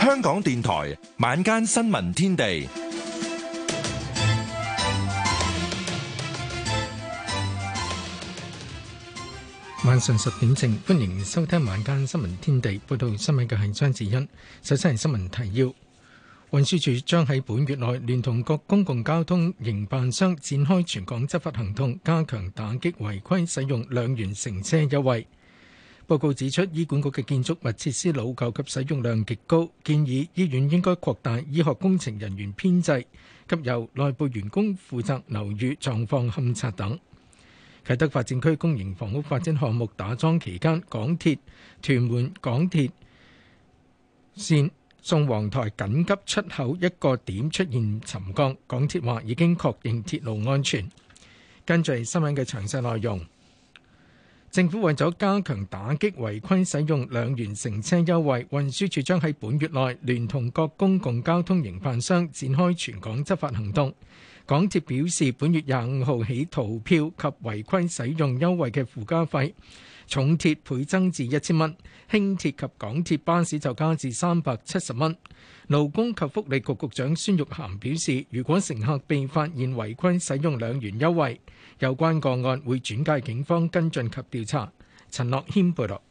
香港電台晚間新聞天地，晚上十點正，歡迎收聽晚間新聞天地。報道新聞嘅係張智欣，首先係新聞提要。運輸署將喺本月內聯同各公共交通營辦商展開全港執法行動，加強打擊違規使用兩元乘車優惠。報告指出，醫管局嘅建築物設施老舊及使用量極高，建議醫院應該擴大醫學工程人員編制，及由內部員工負責樓宇狀況勘察等。啟德發展區公營房屋發展項目打樁期間，港鐵屯門港鐵線。宋皇台緊急出口一個點出現沉降，港鐵話已經確認鐵路安全。跟住新聞嘅詳細內容，政府為咗加強打擊違規使用兩元乘車優惠，運輸署將喺本月內聯同各公共交通營辦商展開全港執法行動。港鐵表示，本月廿五號起逃票及違規使用優惠嘅附加費。重鐵倍增至一千蚊，輕鐵及港鐵巴士就加至三百七十蚊。勞工及福利局局，局長孫玉菡表示，如果乘客被發現違規使用兩元優惠，有關個案會轉介警方跟進及調查。陳樂謙報道，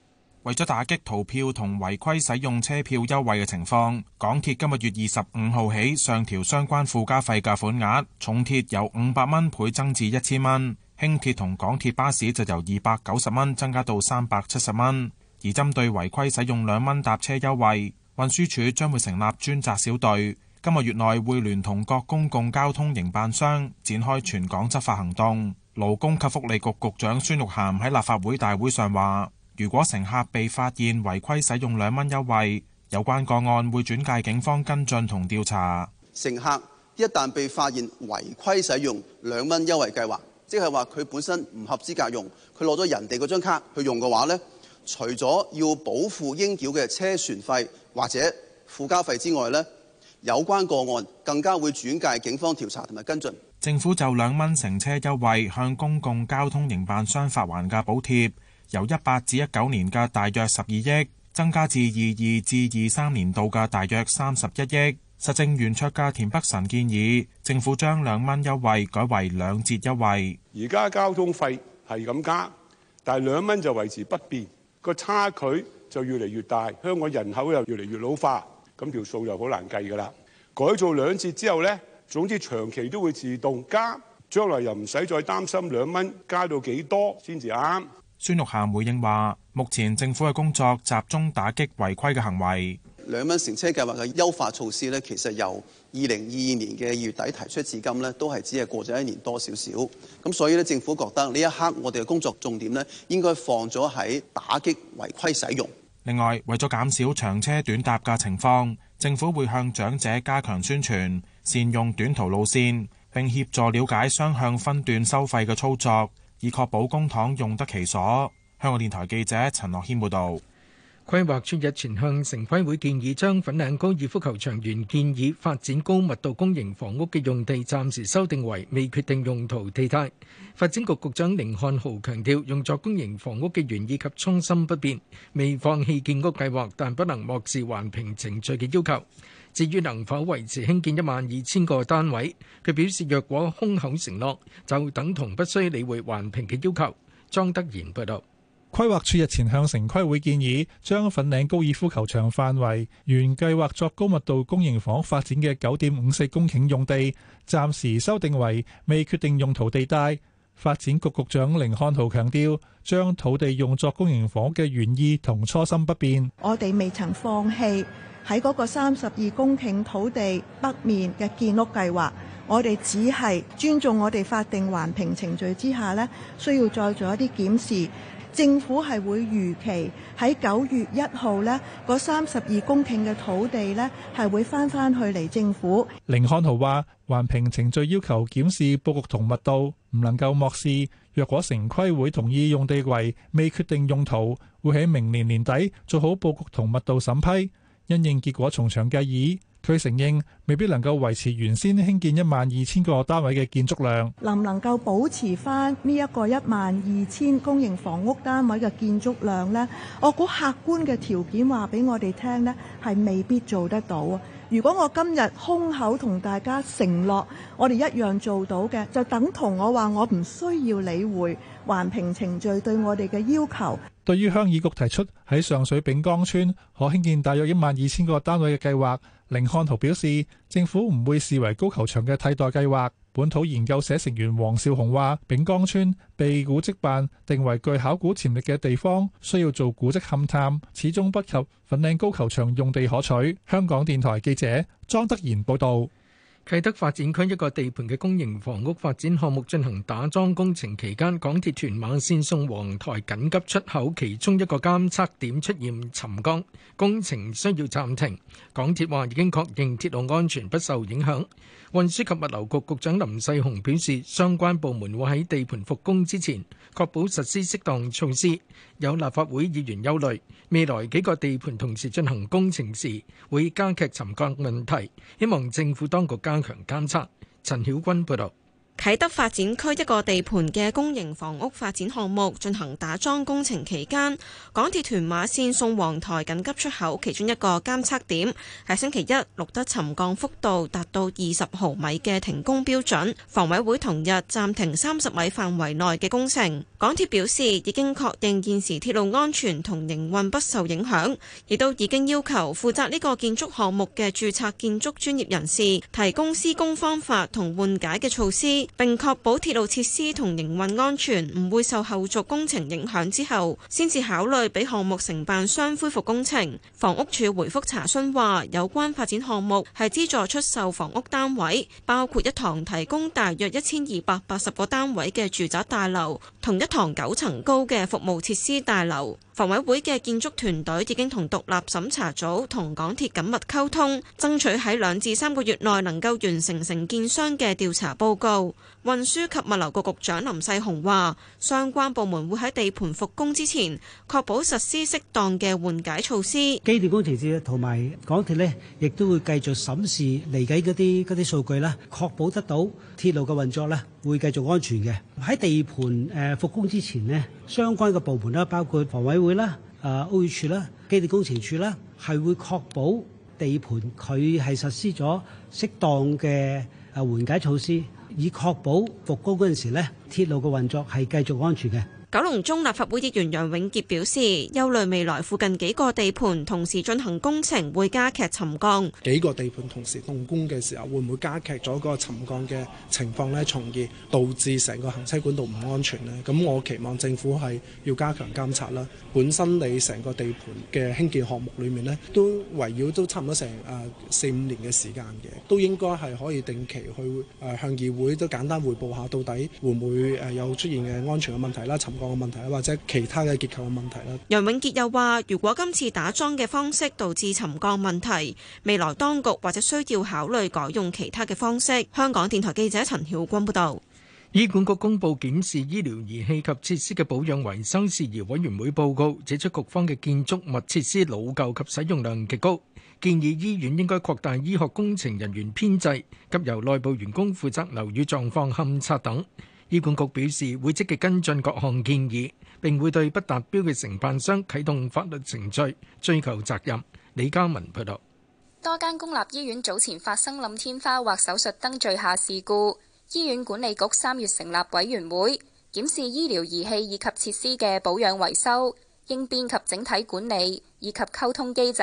為咗打擊逃票同違規使用車票優惠嘅情況，港鐵今個月二十五號起上調相關附加費嘅款額，重鐵由五百蚊倍增至一千蚊。輕鐵同港鐵巴士就由二百九十蚊增加到三百七十蚊，而針對違規使用兩蚊搭車優惠，運輸署將會成立專責小隊，今個月內會聯同各公共交通營辦商展開全港執法行動。勞工及福利局局長孫玉菡喺立法會大會上話：如果乘客被發現違規使用兩蚊優惠，有關個案會轉介警方跟進同調查。乘客一旦被發現違規使用兩蚊優惠計劃。即係話佢本身唔合資格用，佢攞咗人哋嗰張卡去用嘅話呢，除咗要補付應繳嘅車船費或者附加費之外呢，有關個案更加會轉介警方調查同埋跟進。政府就兩蚊乘車優惠向公共交通營辦商發還嘅補貼，由一八至一九年嘅大約十二億，增加至二二至二三年度嘅大約三十一億。實政圓桌家田北辰建議政府將兩蚊優惠改為兩折優惠。而家交通費係咁加，但兩蚊就維持不變，個差距就越嚟越大。香港人口又越嚟越老化，咁條數又好難計㗎喇。改做兩折之後呢，總之長期都會自動加，將來又唔使再擔心兩蚊加到幾多先至啱。孫玉菡回應話，目前政府嘅工作集中打擊違規嘅行為。兩蚊乘車計劃嘅優化措施咧，其實由二零二二年嘅二月底提出至今咧，都係只係過咗一年多少少。咁所以咧，政府覺得呢一刻我哋嘅工作重點咧，應該放咗喺打擊違規使用。另外，為咗減少長車短搭嘅情況，政府會向長者加強宣傳，善用短途路線，並協助了解雙向分段收費嘅操作，以確保公帑用得其所。香港電台記者陳樂軒報道。規劃署日前向城規會建議，將粉嶺高爾夫球場原建議發展高密度公營房屋嘅用地暫時修訂為未決定用途地帶。發展局局長甯漢豪強調，用作公營房屋嘅原意及初心不變，未放棄建屋計劃，但不能漠視環評程序嘅要求。至於能否維持興建一萬二千個單位，佢表示若果空口承諾，就等同不需理會環評嘅要求。莊德賢報道。規劃署日前向城規會建議，將粉嶺高爾夫球場範圍原計劃作高密度公營房屋發展嘅九點五四公頃用地，暫時修訂為未決定用途地帶。發展局局長甯漢豪強調，將土地用作公營房嘅原意同初心不變。我哋未曾放棄喺嗰個三十二公頃土地北面嘅建屋計劃。我哋只係尊重我哋法定環評程序之下呢，需要再做一啲檢視。政府係會預期喺九月一號呢，嗰三十二公頃嘅土地呢，係會返返去嚟政府。凌漢豪話：環評程序要求檢視佈局同密度，唔能夠漠視。若果城規會同意用地為未決定用途，會喺明年年底做好佈局同密度審批，因應結果從長計議。佢承認未必能夠維持原先興建一萬二千個單位嘅建築量，能唔能夠保持翻呢一個一萬二千公營房屋單位嘅建築量呢？我估客觀嘅條件話俾我哋聽呢係未必做得到。如果我今日空口同大家承諾，我哋一樣做到嘅，就等同我話我唔需要理會環評程序對我哋嘅要求。對於鄉議局提出喺上水丙崗村可興建大約一萬二千個單位嘅計劃。凌漢濤表示，政府唔會視為高球場嘅替代計劃。本土研究社成員黃肇鴻話，丙崗村被古蹟辦定為具考古潛力嘅地方，需要做古蹟勘探，始終不及粉嶺高球場用地可取。香港電台記者莊德賢報導。啟德發展區一個地盤嘅公營房屋發展項目進行打樁工程期間，港鐵屯馬綫宋皇台緊急出口其中一個監測點出現沉降，工程需要暫停。港鐵話已經確認鐵路安全不受影響。運輸及物流局局長林世雄表示，相關部門會喺地盤復工之前，確保實施適當措施。有立法會議員憂慮，未來幾個地盤同時進行工程時，會加劇沉降問題。希望政府當局加強監測。陳曉君報道。啟德發展區一個地盤嘅公營房屋發展項目進行打樁工程期間，港鐵屯馬綫宋皇台緊急出口其中一個監測點喺星期一錄得沉降幅度達到二十毫米嘅停工標準，房委會同日暫停三十米範圍內嘅工程。港鐵表示已經確認現時鐵路安全同營運不受影響，亦都已經要求負責呢個建築項目嘅註冊建築專業人士提供施工方法同緩解嘅措施。並確保鐵路設施同營運安全唔會受後續工程影響。之後先至考慮俾項目承辦商恢復工程。房屋署回覆查詢話，有關發展項目係資助出售房屋單位，包括一堂提供大約一千二百八十個單位嘅住宅大樓同一堂九層高嘅服務設施大樓，房委會嘅建築團隊已經同獨立審查組同港鐵緊密溝通，爭取喺兩至三個月內能夠完成承建商嘅調查報告。運輸及物流局局長林世雄話，相關部門會喺地盤復工之前，確保實施適當嘅緩解措施基。機電工程署同埋港鐵呢亦都會繼續審視嚟緊嗰啲嗰啲數據啦，確保得到鐵路嘅運作呢會繼續安全嘅。喺地盤誒復工之前呢，相關嘅部門啦，包括房委會啦、誒，屋宇署啦、機電工程署啦，係會確保地盤佢係實施咗適當嘅誒緩解措施。以確保復工嗰陣時咧，鐵路嘅運作係繼續安全嘅。九龍中立法會議員楊永傑表示，憂慮未來附近幾個地盤同時進行工程會加劇沉降。幾個地盤同時動工嘅時候，會唔會加劇咗個沉降嘅情況呢？從而導致成個行車管道唔安全呢？咁我期望政府係要加強監察啦。本身你成個地盤嘅興建項目裏面呢，都圍繞都差唔多成誒四五年嘅時間嘅，都應該係可以定期去誒向議會都簡單匯報下，到底會唔會誒有出現嘅安全嘅問題啦？沉個問題或者其他嘅結構嘅問題啦。楊永杰又話，如果今次打樁嘅方式導致沉降問題，未來當局或者需要考慮改用其他嘅方式。香港電台記者陳曉君報道。醫管局公布檢視醫療儀器及設施嘅保養維修事宜委員會報告，指出局方嘅建築物設施老舊及使用量極高，建議醫院應該擴大醫學工程人員編制，及由內部員工負責樓宇狀況勘察等。醫管局表示會積極跟進各項建議，並會對不達標嘅承辦商啟動法律程序，追究責任。李嘉文報道，多間公立醫院早前發生冧天花或手術燈墜下事故。醫院管理局三月成立委員會，檢視醫療儀器以及設施嘅保養維修、應變及整體管理以及溝通機制。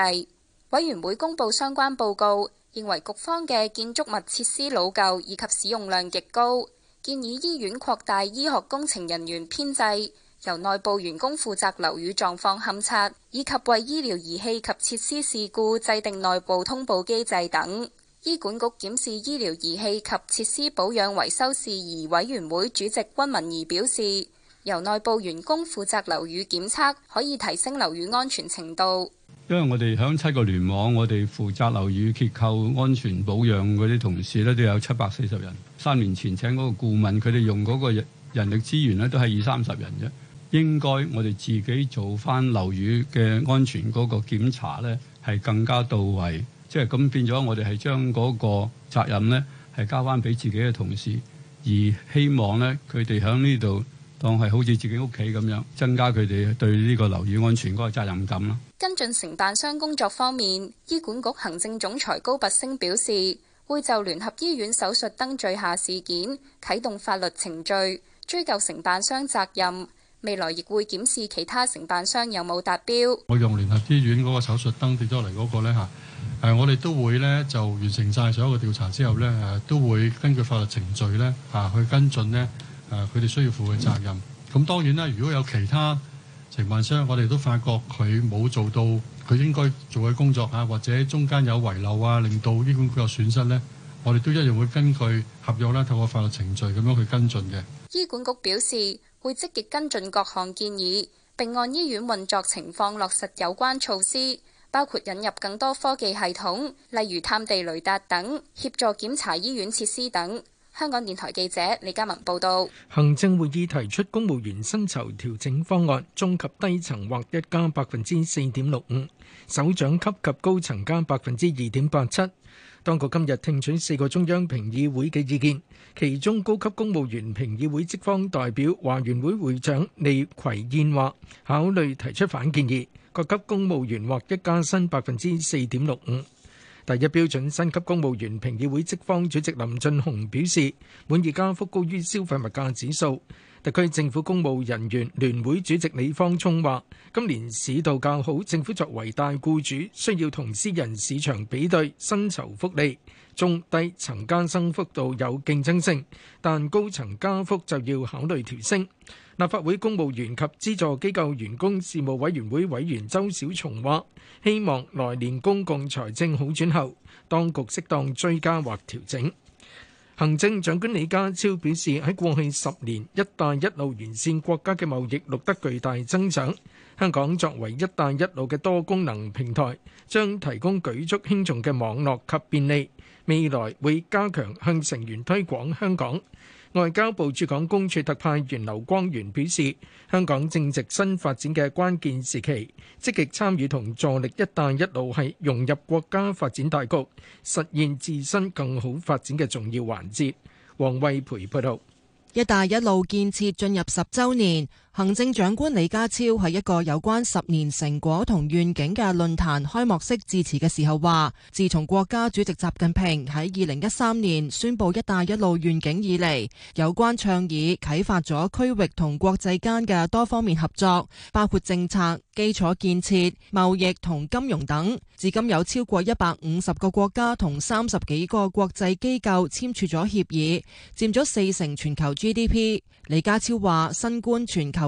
委員會公布相關報告，認為局方嘅建築物設施老舊以及使用量極高。建議醫院擴大醫學工程人員編制，由內部員工負責樓宇狀況勘察，以及為醫療儀器及設施事故制定內部通報機制等。醫管局檢視醫療儀器及設施保養維修事宜委員會主席溫文儀表示，由內部員工負責樓宇檢測，可以提升樓宇安全程度。因為我哋喺七個聯網，我哋負責樓宇結構安全保養嗰啲同事咧都有七百四十人。三年前請嗰個顧問，佢哋用嗰個人力資源咧都係二三十人啫。應該我哋自己做翻樓宇嘅安全嗰個檢查咧係更加到位，即係咁變咗我哋係將嗰個責任咧係交翻俾自己嘅同事，而希望咧佢哋喺呢度當係好似自己屋企咁樣，增加佢哋對呢個樓宇安全嗰個責任感啦。跟進承辦商工作方面，醫管局行政總裁高拔升表示，會就聯合醫院手術燈墜下事件啟動法律程序，追究承辦商責任。未來亦會檢視其他承辦商有冇達標。我用聯合醫院嗰個手術燈跌咗嚟嗰個呢，吓，誒，我哋都會呢，就完成晒所有嘅調查之後呢，誒，都會根據法律程序呢，吓去跟進呢，誒，佢哋需要負嘅責任。咁當然啦，如果有其他，承辦商，我哋都發覺佢冇做到佢應該做嘅工作啊，或者中間有遺漏啊，令到醫管局有損失呢。我哋都一樣會根據合約啦，透過法律程序咁樣去跟進嘅。醫管局表示會積極跟進各項建議，並按醫院運作情況落實有關措施，包括引入更多科技系統，例如探地雷達等，協助檢查醫院設施等。香港電台記者李嘉文報道，行政會議提出公務員薪酬調整方案，中級低層或一加百分之四點六五，首長級及高層加百分之二點八七。當局今日聽取四個中央評議會嘅意見，其中高級公務員評議會職方代表華員會會長李葵燕話，考慮提出反建議，各級公務員或一加薪百分之四點六五。第一標準薪級公務員評議會職方主席林進雄表示，滿意加幅高於消費物價指數。特區政府公務人員聯會主席李方聰話：今年市道較好，政府作為大僱主，需要同私人市場比對薪酬福利，中低層加薪幅度有競爭性，但高層加幅就要考慮調升。立法會公務員及資助機構員工事務委員會委員周小松話：希望來年公共財政好轉後，當局適當追加或調整。行政長官李家超表示：喺過去十年，一帶一路完善國家嘅貿易，錄得巨大增長。香港作為一帶一路嘅多功能平台，將提供舉足輕重嘅網絡及便利。未來會加強向成員推廣香港。外交部駐港公署特派員劉光源表示，香港正值新發展嘅關鍵時期，積極參與同助力“一帶一路”係融入國家發展大局、實現自身更好發展嘅重要環節。黃慧培報道：“一帶一路”建設進入十週年。行政長官李家超喺一個有關十年成果同願景嘅論壇開幕式致辭嘅時候話，自從國家主席習近平喺二零一三年宣佈“一帶一路”願景以嚟，有關倡議啟發咗區域同國際間嘅多方面合作，包括政策、基礎建設、貿易同金融等。至今有超過一百五十個國家同三十幾個國際機構簽署咗協議，佔咗四成全球 GDP。李家超話，新冠全球。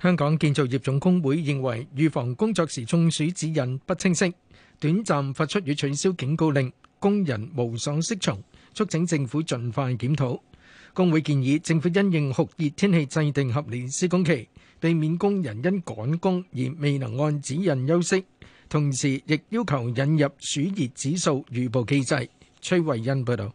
香港建造業總工會認為預防工作時中暑指引不清晰，短暫發出與取消警告令，工人無所適從，促請政府盡快檢討。工會建議政府因應酷熱天氣制定合理施工期，避免工人因趕工而未能按指引休息。同時，亦要求引入暑熱指數預報機制。崔慧欣報道。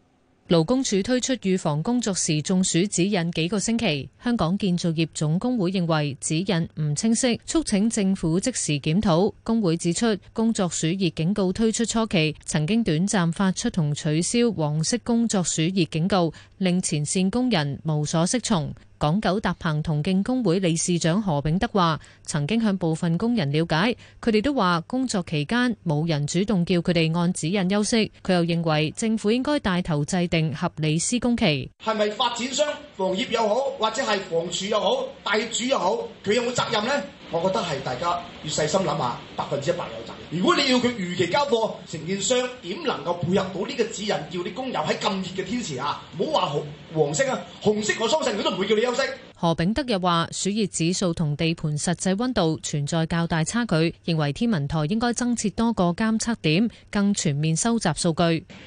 勞工處推出預防工作時中暑指引幾個星期，香港建造業總工會認為指引唔清晰，促請政府即時檢討。工會指出，工作暑熱警告推出初期，曾經短暫發出同取消黃色工作暑熱警告，令前綫工人無所適從。港九搭棚同徑工會理事長何炳德話，曾經向部分工人了解，佢哋都話工作期間冇人主動叫佢哋按指引休息。佢又認為政府應該帶頭制定合理施工期。係咪發展商、房業又好，或者係房署又好，大業主又好，佢有冇責任呢？我覺得係大家要細心諗下，百分之一百有責任。如果你要佢如期交貨，承建商點能夠配合到呢個指引，叫啲工友喺咁熱嘅天時啊？唔好話紅黃色啊，紅色我相信佢都唔會叫你休息。何炳德又話，暑熱指數同地盤實際溫度存在較大差距，認為天文台應該增設多個監測點，更全面收集數據。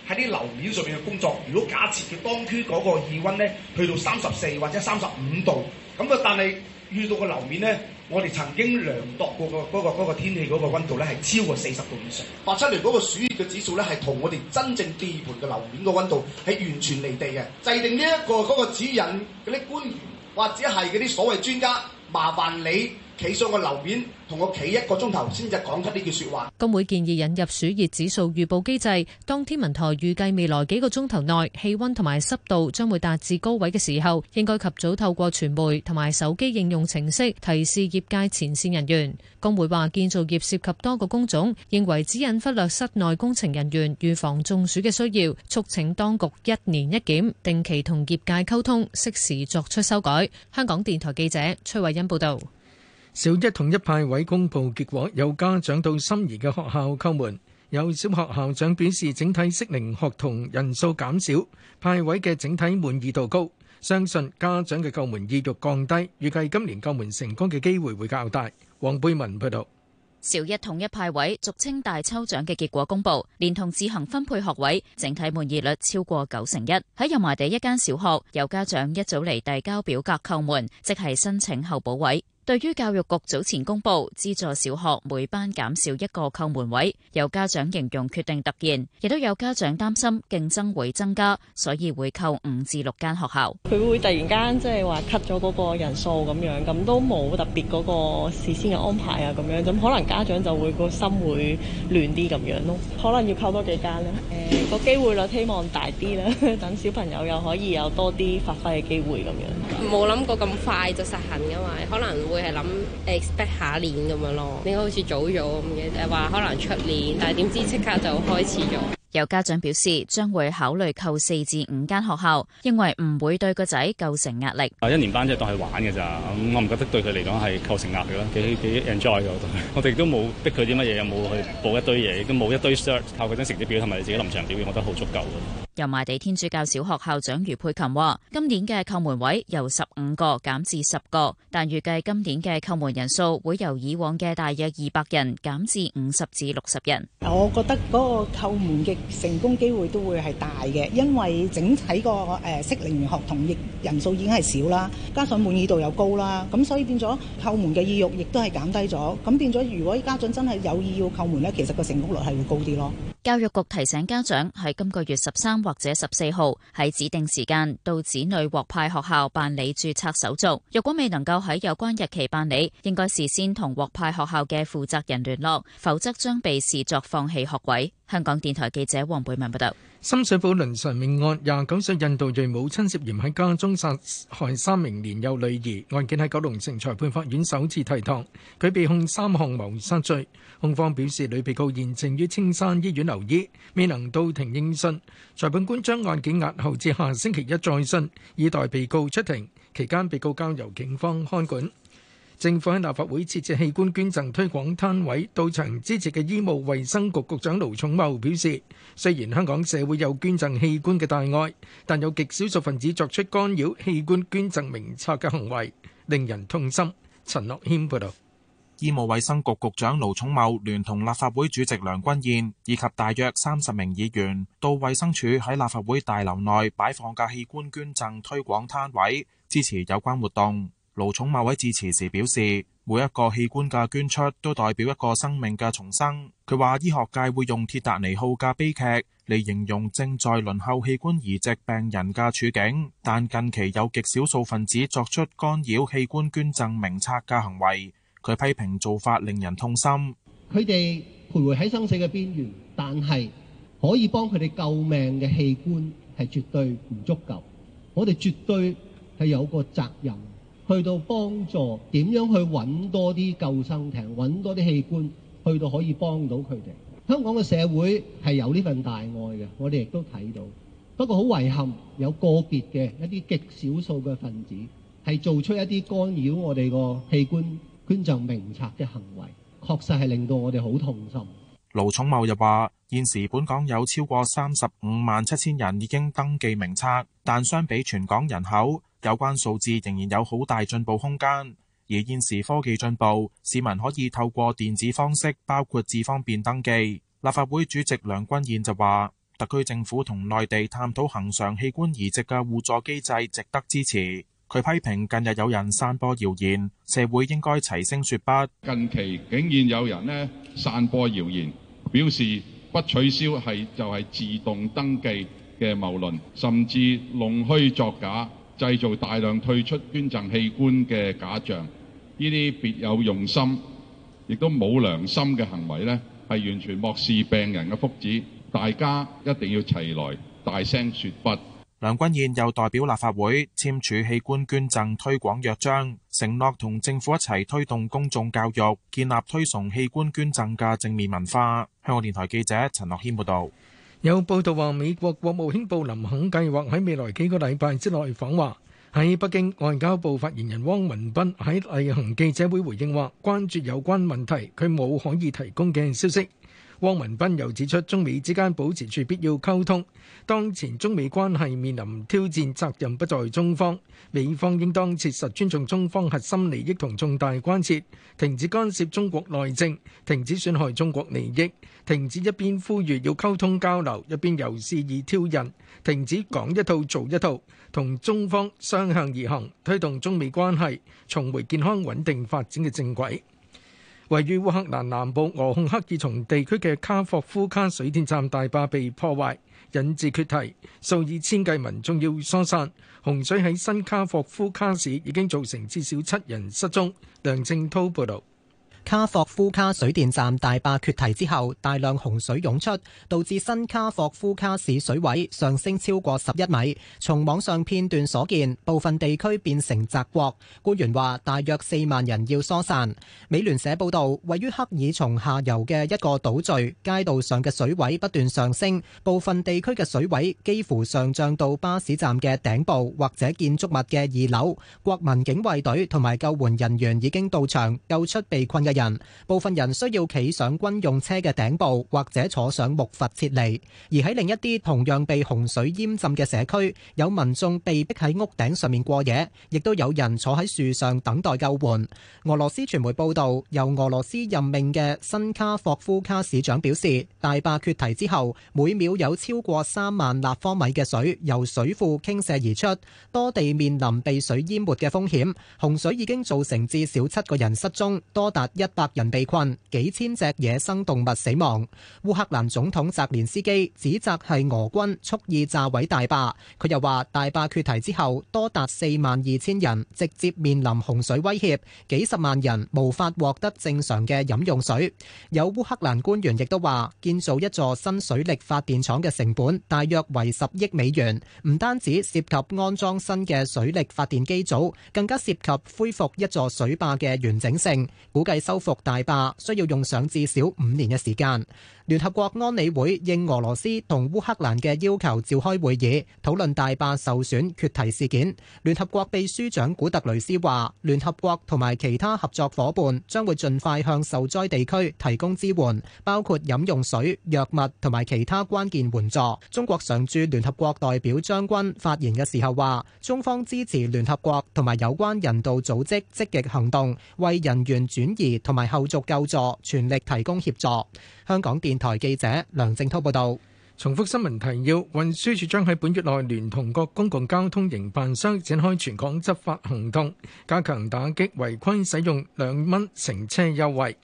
喺啲樓面上面嘅工作，如果假設嘅當區嗰個氣溫呢，去到三十四或者三十五度，咁就但係遇到個樓面呢。我哋曾經量度過的、那個嗰、那個嗰、那個、那個、天氣嗰個温度呢係超過四十度以上。發出嚟嗰個暑熱嘅指數呢係同我哋真正地盤嘅樓面個温度係完全離地嘅。制定呢、這、一個嗰、那個指引嗰啲官員或者係嗰啲所謂專家，麻煩你。企上個樓面同我企一個鐘頭先，就講出呢句説話。工會建議引入暑熱指數預報機制，當天文台預計未來幾個鐘頭內氣溫同埋濕度將會達至高位嘅時候，應該及早透過傳媒同埋手機應用程式提示業界前線人員。工會話：建造業涉及多個工種，認為指引忽略室內工程人員預防中暑嘅需要，促請當局一年一檢，定期同業界溝通，適時作出修改。香港電台記者崔慧欣報道。小一統一派位公佈，結果有家長到心儀嘅學校叩門。有小學校長表示，整體適齡學童人數減少，派位嘅整體滿意度高，相信家長嘅叩門意欲降低，預計今年叩門成功嘅機會會較大。黃貝文報道。小一統一派位，俗稱大抽獎嘅結果公佈，連同自行分配學位，整體滿意率超過九成一。喺油麻地一間小學，有家長一早嚟遞交表格叩門，即係申請候補位。對於教育局早前公布資助小學每班減少一個叩門位，有家長形容決定突然，亦都有家長擔心競爭會增加，所以會扣五至六間學校。佢會突然間即係話 cut 咗嗰個人數咁樣，咁都冇特別嗰個事先嘅安排啊咁樣，咁可能家長就會個心會亂啲咁樣咯。可能要扣多幾間呢？誒個機會率希望大啲啦，等小朋友又可以有多啲發揮嘅機會咁樣。冇諗過咁快就實行嘅嘛，可能會。會係諗 expect 下年咁樣咯，點解好似早咗咁嘅？話可能出年，但係點知即刻就開始咗。有家長表示將會考慮扣四至五間學校，因為唔會對個仔構成壓力。啊，一年班即係當係玩嘅咋，我唔覺得對佢嚟講係構成壓力咯，幾幾 enjoy 㗎。我我哋都冇逼佢啲乜嘢，有冇去補一堆嘢，都冇一堆 certs 靠佢啲成績表同埋你自己臨場表現，我覺得好足夠嘅。油麻地天主教小學校長余佩琴話，今年嘅購門位由十五個減至十個，但預計今年嘅叩門人數會由以往嘅大約二百人減至五十至六十人。我覺得嗰個叩門嘅成功機會都會係大嘅，因為整體個誒適齡學童人數已經係少啦，加上滿意度又高啦，咁所以變咗叩門嘅意欲亦都係減低咗。咁變咗，如果家長真係有意要叩門咧，其實個成功率係會高啲咯。教育局提醒家長喺今個月十三或者十四號喺指定時間到子女獲派學校辦理注冊手續。若果未能夠喺有關日期辦理，應該事先同獲派學校嘅負責人聯絡，否則將被視作放棄學位。香港電台記者王貝文報道：深水埗倫常命案，廿九歲印度裔母親涉嫌喺家中殺害三名年幼女兒，案件喺九龍城裁判法院首次提堂。佢被控三項謀殺罪。控方表示，女被告現正於青山醫院留醫，未能到庭應訊。裁判官將案件押後至下星期一再訊，以待被告出庭。期間，被告交由警方看管。政府喺立法會設置器官捐贈推廣攤位，到場支持嘅醫務衛生局局長盧寵茂表示，雖然香港社會有捐贈器官嘅大愛，但有極少數分子作出干擾器官捐贈名冊嘅行為，令人痛心。陳樂謙報道。醫務衛生局局長盧寵茂聯同立法會主席梁君彥以及大約三十名議員到衛生署喺立法會大樓內擺放嘅器官捐贈推廣攤位，支持有關活動。盧寵茂位致辭時表示，每一個器官嘅捐出都代表一個生命嘅重生。佢話醫學界會用鐵達尼號嘅悲劇嚟形容正在輪候器官移植病人嘅處境，但近期有極少數分子作出干擾器官捐贈名冊嘅行為。佢批評做法令人痛心。佢哋徘徊喺生死嘅邊緣，但係可以幫佢哋救命嘅器官係絕對唔足夠。我哋絕對係有個責任。去到幫助點樣去揾多啲救生艇，揾多啲器官，去到可以幫到佢哋。香港嘅社會係有呢份大愛嘅，我哋亦都睇到。不過好遺憾，有個別嘅一啲極少數嘅分子係做出一啲干擾我哋個器官捐贈名冊嘅行為，確實係令到我哋好痛心。盧寵茂又話。現時本港有超過三十五萬七千人已經登記名冊，但相比全港人口，有關數字仍然有好大進步空間。而現時科技進步，市民可以透過電子方式，包括智方便登記。立法會主席梁君彥就話，特區政府同內地探討恆常器官移植嘅互助機制，值得支持。佢批評近日有人散播謠言，社會應該齊聲說不。近期竟然有人呢散播謠言，表示。不取消係就係、是、自動登記嘅謬論，甚至弄虛作假，製造大量退出捐贈器官嘅假象。呢啲別有用心，亦都冇良心嘅行為咧，係完全漠視病人嘅福祉。大家一定要齊來，大聲說不！梁君彦又代表立法會簽署器官捐贈推廣約章，承諾同政府一齊推動公眾教育，建立推崇器官捐贈嘅正面文化。香港電台記者陳樂謙報道。有報道話，美國國務卿布林肯計劃喺未來幾個禮拜之內訪華。喺北京外交部發言人汪文斌喺例行記者會回應話，關注有關問題，佢冇可以提供嘅消息。汪文斌又指出，中美之間保持住必要溝通。當前中美關係面臨挑戰，責任不在中方，美方應當切實尊重中方核心利益同重大關切，停止干涉中國內政，停止損害中國利益，停止一邊呼籲要溝通交流，一邊又肆意挑釁，停止講一套做一套，同中方相向而行，推動中美關係重回健康穩定發展嘅正軌。位於烏克蘭南，南部俄控克爾松地區嘅卡霍夫卡水電站大壩被破壞，引致決堤，數以千計民眾要疏散。洪水喺新卡霍夫卡市已經造成至少七人失蹤。梁正滔報導。卡霍夫卡水電站大壩決堤之後，大量洪水湧出，導致新卡霍夫卡市水位上升超過十一米。從網上片段所見，部分地區變成澤國。官員話，大約四萬人要疏散。美聯社報道，位於赫爾松下游嘅一個島嶼街道上嘅水位不斷上升，部分地區嘅水位幾乎上漲到巴士站嘅頂部或者建築物嘅二樓。國民警衛隊同埋救援人員已經到場救出被困嘅。人部分人需要企上軍用車嘅頂部或者坐上木筏撤離，而喺另一啲同樣被洪水淹浸嘅社區，有民眾被逼喺屋頂上面過夜，亦都有人坐喺樹上等待救援。俄羅斯傳媒報道，由俄羅斯任命嘅新卡霍夫卡市長表示，大壩決堤之後，每秒有超過三萬立方米嘅水由水庫傾瀉而出，多地面臨被水淹沒嘅風險。洪水已經造成至少七個人失蹤，多達一。一百人被困，幾千隻野生動物死亡。烏克蘭總統澤連斯基指責係俄軍蓄意炸毀大壩。佢又話，大壩決堤之後，多達四萬二千人直接面臨洪水威脅，幾十萬人無法獲得正常嘅飲用水。有烏克蘭官員亦都話，建造一座新水力發電廠嘅成本大約為十億美元，唔單止涉及安裝新嘅水力發電機組，更加涉及恢復一座水壩嘅完整性，估計收。復大壩需要用上至少五年嘅時間。聯合國安理會應俄羅斯同烏克蘭嘅要求召開會議，討論大壩受損決堤事件。聯合國秘書長古特雷斯話，聯合國同埋其他合作伙伴將會盡快向受災地區提供支援，包括飲用水、藥物同埋其他關鍵援助。中國常駐聯合國代表張軍發言嘅時候話，中方支持聯合國同埋有關人道組織積極行動，為人員轉移同埋後續救助全力提供協助。香港電台記者梁靜濤報道。重複新聞提要：運輸署將喺本月內聯同各公共交通營辦商展開全港執法行動，加強打擊違規使用兩蚊乘車優惠。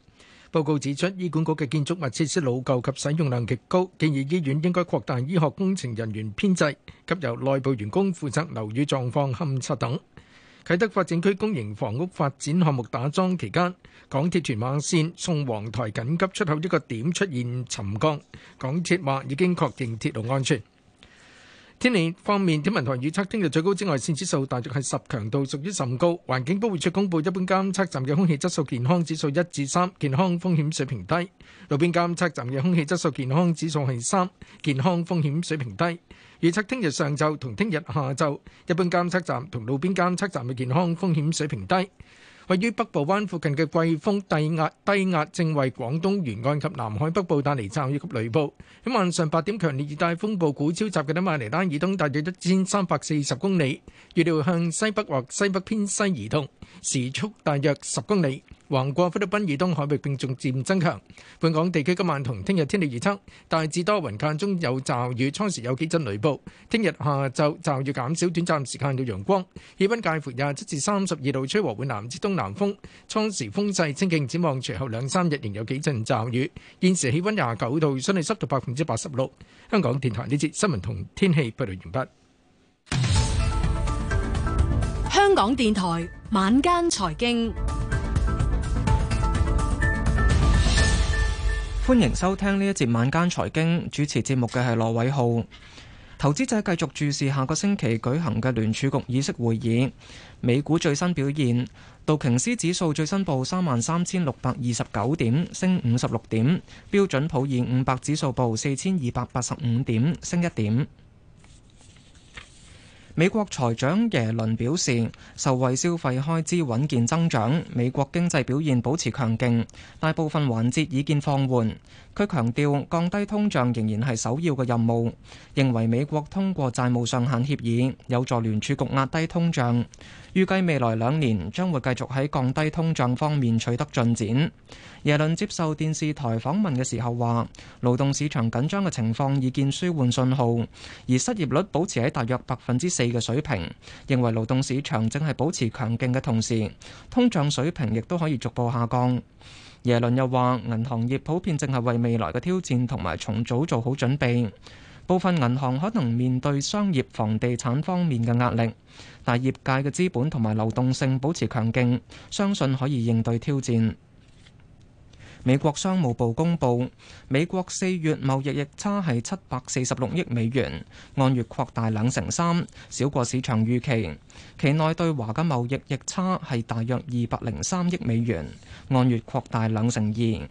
報告指出，醫管局嘅建築物設施老舊及使用量極高，建議醫院應該擴大醫學工程人員編制，及由內部員工負責樓宇狀況勘察等。啟德發展區公營房屋發展項目打樁期間，港鐵屯馬綫宋皇臺緊急出口一個點出現沉降，港鐵話已經確認鐵路安全。天氣方面，天文台預測聽日最高紫外線指數大約係十強度，屬於甚高。環境保護署公布一般監測站嘅空氣質素健康指數一至三，3，健康風險水平低。路邊監測站嘅空氣質素健康指數係三，健康風險水平低。預測聽日上晝同聽日下晝一般監測站同路邊監測站嘅健康風險水平低。位於北部灣附近嘅季風低壓低壓正為廣東沿岸及南海北部帶嚟驟雨及雷暴。喺晚上八點，強烈熱帶風暴古超集結喺馬尼拉以東大約一千三百四十公里，預料向西北或西北偏西移動，時速大約十公里，橫過菲律賓以東海域，並逐漸增強。本港地區今晚同聽日天氣預測大致多雲，間中有驟雨，初時有幾陣雷暴。聽日下晝驟雨減少，短暫時間有陽光。氣溫介乎廿七至三十二度，吹和緩南至東南風，初時風勢清勁。展望隨後兩三日仍有幾陣驟雨。現時氣溫廿九度，相對濕度百分之八十六。香港電台呢節新聞同天氣報道完畢。香港電台晚間財經。歡迎收聽呢一節晚間財經，主持節目嘅係羅偉浩。投資者繼續注視下個星期舉行嘅聯儲局議息會議。美股最新表現，道瓊斯指數最新報三萬三千六百二十九點，升五十六點；標準普爾五百指數報四千二百八十五點，升一點。美國財長耶倫表示，受惠消費開支穩健增長，美國經濟表現保持強勁，大部分環節已見放緩。佢強調降低通脹仍然係首要嘅任務，認為美國通過債務上限協議有助聯儲局壓低通脹，預計未來兩年將會繼續喺降低通脹方面取得進展。耶倫接受電視台訪問嘅時候話，勞動市場緊張嘅情況已見舒緩信號，而失業率保持喺大約百分之四嘅水平，認為勞動市場正係保持強勁嘅同時，通脹水平亦都可以逐步下降。耶倫又話，銀行業普遍淨係為未來嘅挑戰同埋重組做好準備。部分銀行可能面對商業房地產方面嘅壓力，但係業界嘅資本同埋流動性保持強勁，相信可以應對挑戰。美國商務部公佈，美國四月貿易逆差係七百四十六億美元，按月擴大兩成三，少過市場預期。期內對華嘅貿易逆差係大約二百零三億美元，按月擴大兩成二。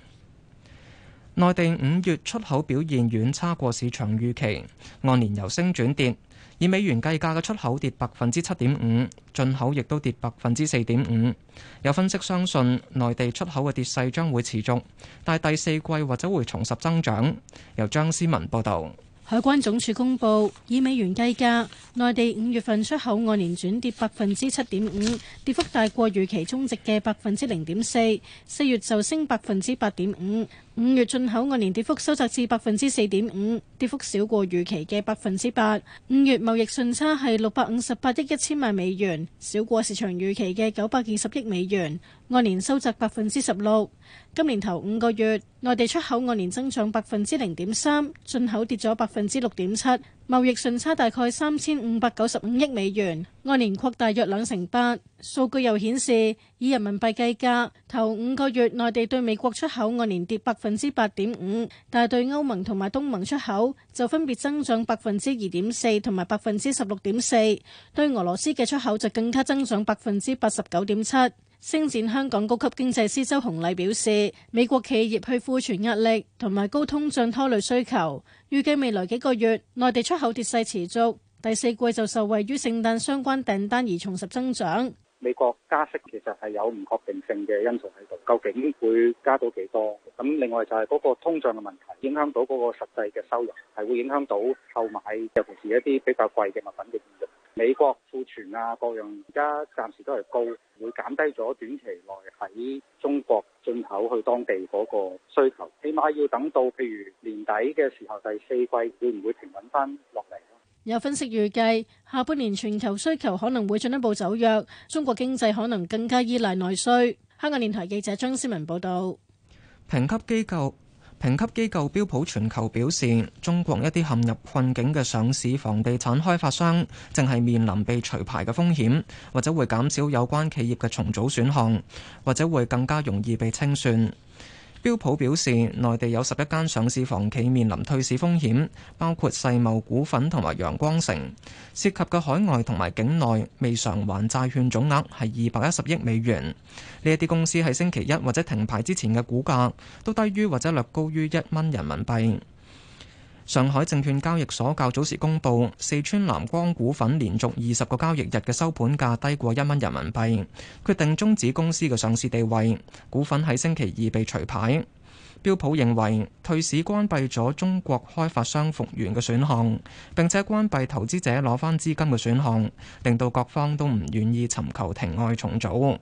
內地五月出口表現遠差過市場預期，按年由升轉跌。以美元計價嘅出口跌百分之七點五，進口亦都跌百分之四點五。有分析相信，內地出口嘅跌勢將會持續，但係第四季或者會重拾增長。由張思文報導。海關總署公布，以美元計價，內地五月份出口按年轉跌百分之七點五，跌幅大過預期中值嘅百分之零點四。四月就升百分之八點五，五月進口按年跌幅收窄至百分之四點五，跌幅少過預期嘅百分之八。五月貿易順差係六百五十八億一千萬美元，少過市場預期嘅九百二十億美元。按年收窄百分之十六，今年頭五個月，內地出口按年增長百分之零點三，進口跌咗百分之六點七，貿易順差大概三千五百九十五億美元，按年擴大約兩成八。數據又顯示，以人民幣計價，頭五個月內地對美國出口按年跌百分之八點五，但係對歐盟同埋東盟出口就分別增長百分之二點四同埋百分之十六點四，對俄羅斯嘅出口就更加增長百分之八十九點七。星展香港高級經濟師周洪禮表示，美國企業去庫存壓力同埋高通脹拖累需求，預計未來幾個月內地出口跌勢持續，第四季就受惠於聖誕相關訂單而重拾增長。美國加息其實係有唔確定性嘅因素喺度，究竟會加到幾多？咁另外就係嗰個通脹嘅問題，影響到嗰個實際嘅收入，係會影響到購買尤其係一啲比較貴嘅物品嘅美國庫存啊，各樣而家暫時都係高，會減低咗短期內喺中國進口去當地嗰個需求。起碼要等到譬如年底嘅時候，第四季會唔會平穩翻落嚟？有分析預計，下半年全球需求可能會進一步走弱，中國經濟可能更加依賴內需。香港電台記者張思文報道。評級機構。評級機構標普全球表示，中國一啲陷入困境嘅上市房地產開發商，正係面臨被除牌嘅風險，或者會減少有關企業嘅重組選項，或者會更加容易被清算。標普表示，內地有十一間上市房企面臨退市風險，包括世茂股份同埋陽光城。涉及嘅海外同埋境內未償還債券總額係二百一十億美元。呢一啲公司喺星期一或者停牌之前嘅股價都低於或者略高於一蚊人民幣。上海證券交易所較早時公布，四川藍光股份連續二十個交易日嘅收盤價低過一蚊人民幣，決定終止公司嘅上市地位，股份喺星期二被除牌。標普認為退市關閉咗中國開發商復原嘅選項，並且關閉投資者攞返資金嘅選項，令到各方都唔願意尋求庭外重組。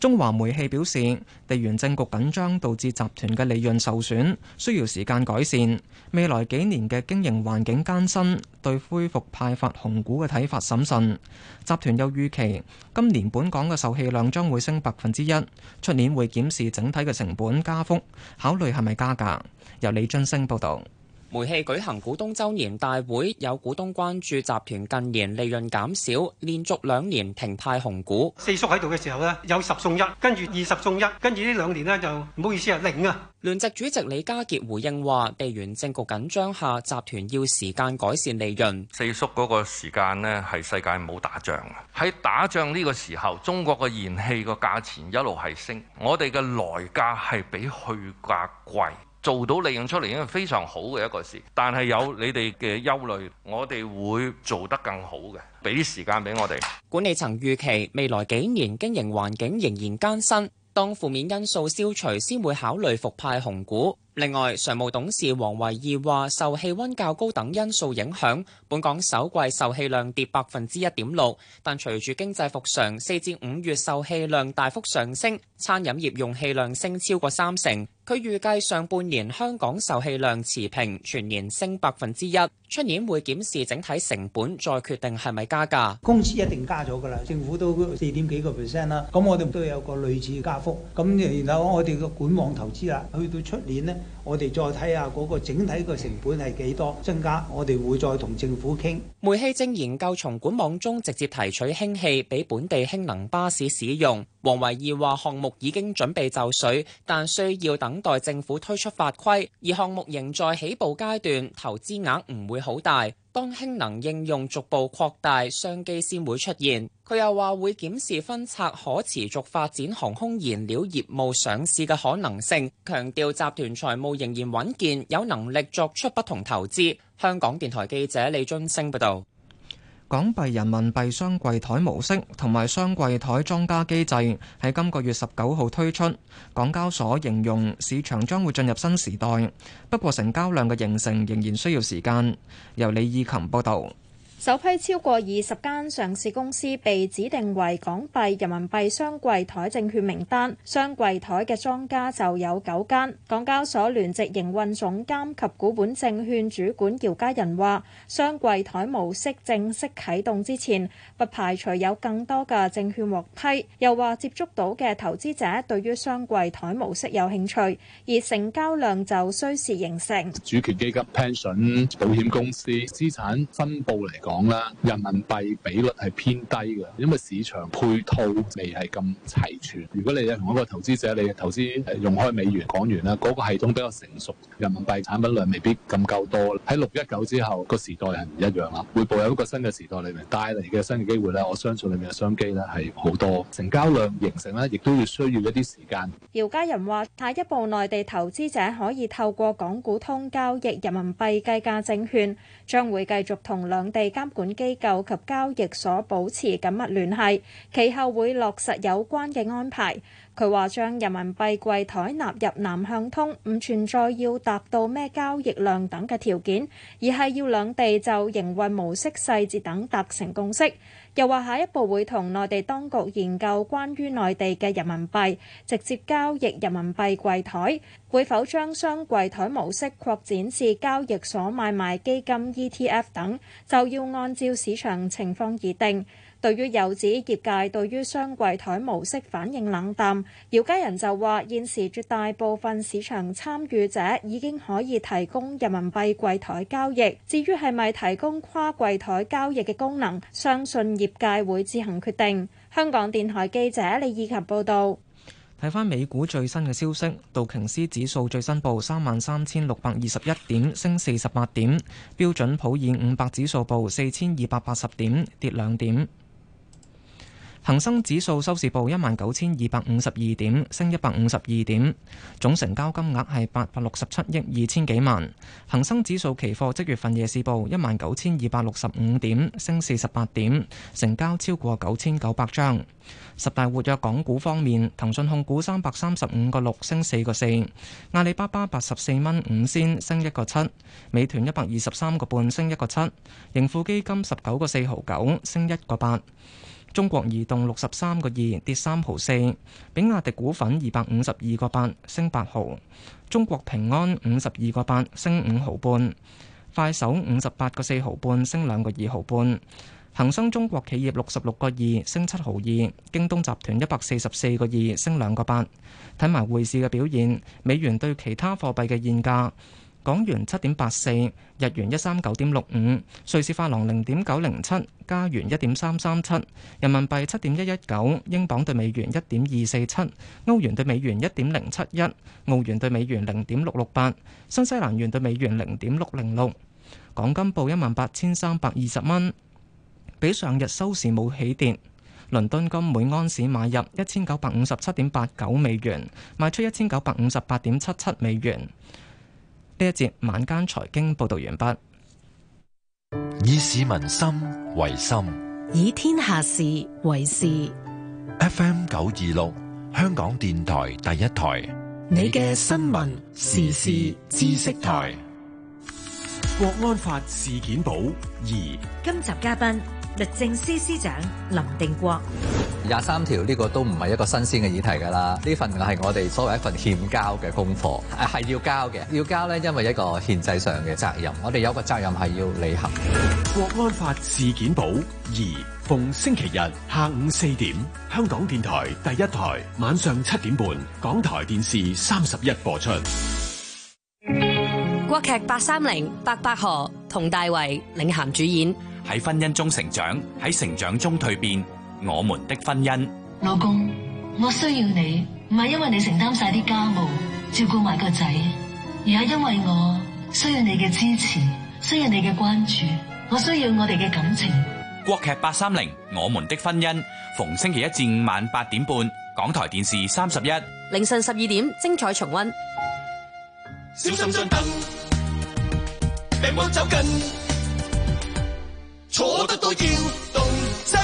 中華煤氣表示，地緣政局緊張導致集團嘅利潤受損，需要時間改善。未來幾年嘅經營環境艱辛，對恢復派發紅股嘅睇法審慎。集團又預期，今年本港嘅售氣量將會升百分之一，出年會檢視整體嘅成本加幅，考慮係咪加價。由李俊升報導。煤氣舉行股東周年大會，有股東關注集團近年利潤減少，連續兩年停派紅股。四叔喺度嘅時候呢，有十送一，跟住二十送一，跟住呢兩年呢就唔好意思啊，零啊。聯席主席李家傑回應話：地緣政局緊張下，集團要時間改善利潤。四叔嗰個時間呢，係世界冇打仗嘅。喺打仗呢個時候，中國嘅燃氣個價錢一路係升，我哋嘅來價係比去價貴。做到利潤出嚟，因為非常好嘅一個事，但係有你哋嘅憂慮，我哋會做得更好嘅，俾啲時間俾我哋。管理層預期未來幾年經營環境仍然艱辛，當負面因素消除，先會考慮復派紅股。另外，常務董事王維義話，受氣溫較高等因素影響，本港首季售氣量跌百分之一點六。但隨住經濟復常，四至五月售氣量大幅上升，餐飲業用氣量升超過三成。佢預計上半年香港售氣量持平，全年升百分之一。出年會檢視整體成本，再決定係咪加價？工資一定加咗噶啦，政府都四點幾個 percent 啦，咁我哋都有個類似嘅加幅。咁然後我哋個管網投資啦，去到出年呢。我哋再睇下嗰個整體嘅成本係幾多增加，我哋會再同政府傾。煤氣正研究從管網中直接提取氫氣俾本地氫能巴士使用。王維義話項目已經準備就緒，但需要等待政府推出法規，而項目仍在起步階段，投資額唔會好大。當氫能應用逐步擴大，商機先會出現。佢又話會檢視分拆可持續發展航空燃料業務上市嘅可能性，強調集團財務仍然穩健，有能力作出不同投資。香港電台記者李俊升報道。港幣人民幣雙櫃台模式同埋雙櫃台莊家機制喺今個月十九號推出，港交所形容市場將會進入新時代。不過成交量嘅形成仍然需要時間。由李以琴報道。首批超過二十間上市公司被指定為港幣、人民幣雙櫃台證券名單，雙櫃台嘅莊家就有九間。港交所聯席營運總監及股本證券主管姚嘉仁話：雙櫃台模式正式啟動之前，不排除有更多嘅證券獲批。又話接觸到嘅投資者對於雙櫃台模式有興趣，而成交量就需時形成。主權基金、pension，保險公司資產分佈嚟講。講啦，人民幣比率係偏低嘅，因為市場配套未係咁齊全。如果你係同一個投資者，你嘅投資用開美元、港元啦，嗰個系統比較成熟，人民幣產品量未必咁夠多。喺六一九之後個時代係唔一樣啦，會步入一個新嘅時代裏面帶嚟嘅新嘅機會咧，我相信裏面嘅商機咧係好多。成交量形成咧，亦都要需要一啲時間。姚嘉仁話下一步，內地投資者可以透過港股通交易人民幣計價證券，將會繼續同兩地。監管機構及交易所保持緊密聯繫，其後會落實有關嘅安排。佢話將人民幣櫃台納入南向通，唔存在要達到咩交易量等嘅條件，而係要兩地就營運模式細節等達成共識。又話下一步會同內地當局研究關於內地嘅人民幣，直接交易人民幣櫃台。會否將雙櫃台模式擴展至交易所買賣基金 ETF 等，就要按照市場情況而定。對於有指業界對於雙櫃台模式反應冷淡，姚嘉仁就話：現時絕大部分市場參與者已經可以提供人民幣櫃台交易，至於係咪提供跨櫃台交易嘅功能，相信業界會自行決定。香港電台記者李以勤報導。睇翻美股最新嘅消息，道瓊斯指數最新報三萬三千六百二十一點，升四十八點；標準普爾五百指數報四千二百八十點，跌兩點。恒生指數收市報一萬九千二百五十二點，升一百五十二點，總成交金額係八百六十七億二千幾萬。恒生指數期貨即月份夜市報一萬九千二百六十五點，升四十八點，成交超過九千九百張。十大活躍港股方面，騰訊控股三百三十五個六升四個四，阿里巴巴八十四蚊五仙升一個七，美團一百二十三個半升一個七，盈富基金十九個四毫九升一個八。中國移動六十三個二跌三毫四，比亞迪股份二百五十二個八升八毫，中國平安五十二個八升五毫半，快手五十八個四毫半升兩個二毫半，恒生中國企業六十六個二升七毫二，京東集團一百四十四個二升兩個八，睇埋匯市嘅表現，美元對其他貨幣嘅現價。港元七點八四，日元一三九點六五，瑞士法郎零點九零七，加元一點三三七，人民幣七點一一九，英鎊對美元一點二四七，歐元對美元一點零七一，澳元對美元零點六六八，新西蘭元對美元零點六零六。港金報一萬八千三百二十蚊，比上日收市冇起跌。倫敦金每安士買入一千九百五十七點八九美元，賣出一千九百五十八點七七美元。呢一節晚間財經報道完畢，以市民心為心，以天下事為事。FM 九二六，香港電台第一台，你嘅新聞時事知識台，國安法事件簿二。今集嘉賓。律政司司長林定國，廿三條呢個都唔係一個新鮮嘅議題噶啦，呢份係我哋所謂一份欠交嘅功課，係要交嘅，要交呢，因為一個憲制上嘅責任，我哋有個責任係要履行。國安法事件簿而逢星期日下午四點香港電台第一台，晚上七點半港台電視三十一播出。國劇八三零，白百何、佟大為領銜主演。喺婚姻中成長，喺成長中蛻變。我們的婚姻，老公，我需要你，唔係因為你承擔晒啲家務，照顧埋個仔，而係因為我需要你嘅支持，需要你嘅關注，我需要我哋嘅感情。國劇八三零，我們的婚姻，逢星期一至五晚八點半，港台電視三十一，凌晨十二點精彩重溫。小心將燈，別往走近。坐得多要動身，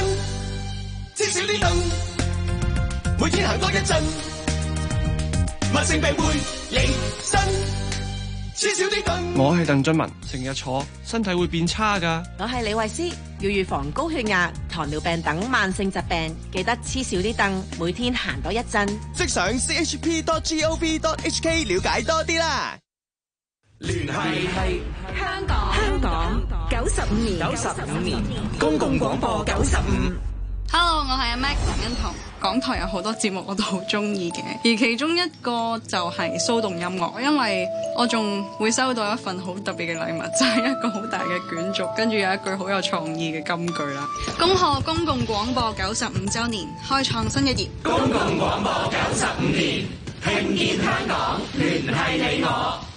黐少啲凳，每天行多一陣，慢性病會離身，黐少啲凳。我係鄧俊文，成日坐，身體會變差㗎。我係李慧詩，要預防高血壓、糖尿病等慢性疾病，記得黐少啲凳，每天行多一陣。即上 c h p dot g o v dot h k 了解多啲啦。聯繫係香港，香港九十五年，九十五年，年公共廣播九十五。Hello，我係阿 Max 陳欣彤。港台有好多節目我都好中意嘅，而其中一個就係騷動音樂，因為我仲會收到一份好特別嘅禮物，就係、是、一個好大嘅卷軸，跟住有一句好有創意嘅金句啦。恭賀公共廣播九十五周年，開創新一頁。公共廣播九十五年，聽見香港，聯繫你我。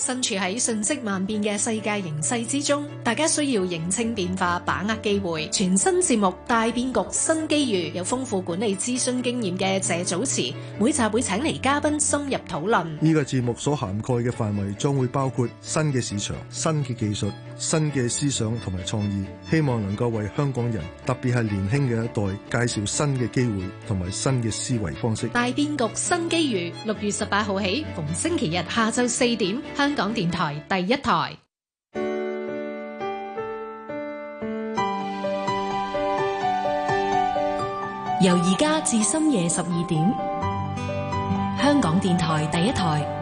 身處喺瞬息萬變嘅世界形勢之中，大家需要認清變化，把握機會。全新節目《大變局新機遇》，有豐富管理諮詢經驗嘅謝祖慈，每集會請嚟嘉賓深入討論。呢個節目所涵蓋嘅範圍將會包括新嘅市場、新嘅技術。新嘅思想同埋創意，希望能夠為香港人，特別係年輕嘅一代，介紹新嘅機會同埋新嘅思維方式。大變局新機遇，六月十八號起，逢星期日下晝四點，香港電台第一台。由而家至深夜十二點，香港電台第一台。